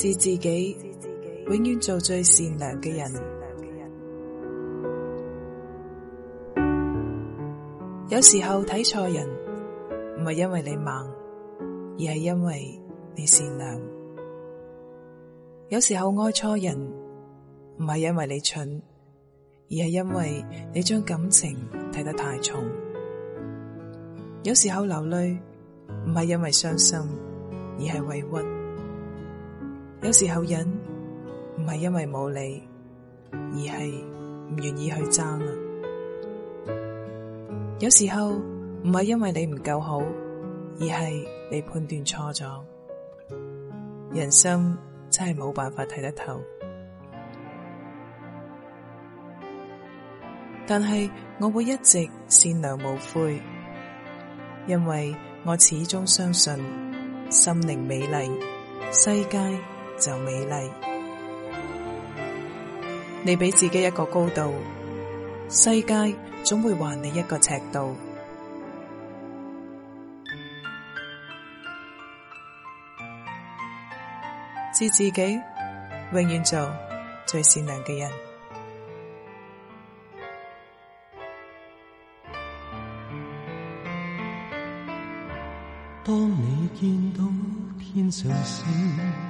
致自己，永遠做最善良嘅人。的人。有時候睇錯人，唔係因為你盲，而係因為你善良。有時候愛錯人，唔係因為你蠢，而係因為你將感情睇得太重。有時候流淚，唔係因為傷心，而係委屈。有時候忍唔係因為冇你，而係唔願意去爭啊！有時候唔係因為你唔夠好，而係你判斷錯咗。人生真係冇辦法睇得透，但係我會一直善良無悔，因為我始終相信心靈美麗世界就美麗，你畀自己一個高度，世界總會還你一個尺度。致自己，永遠做最善良嘅人。當你見到天上星，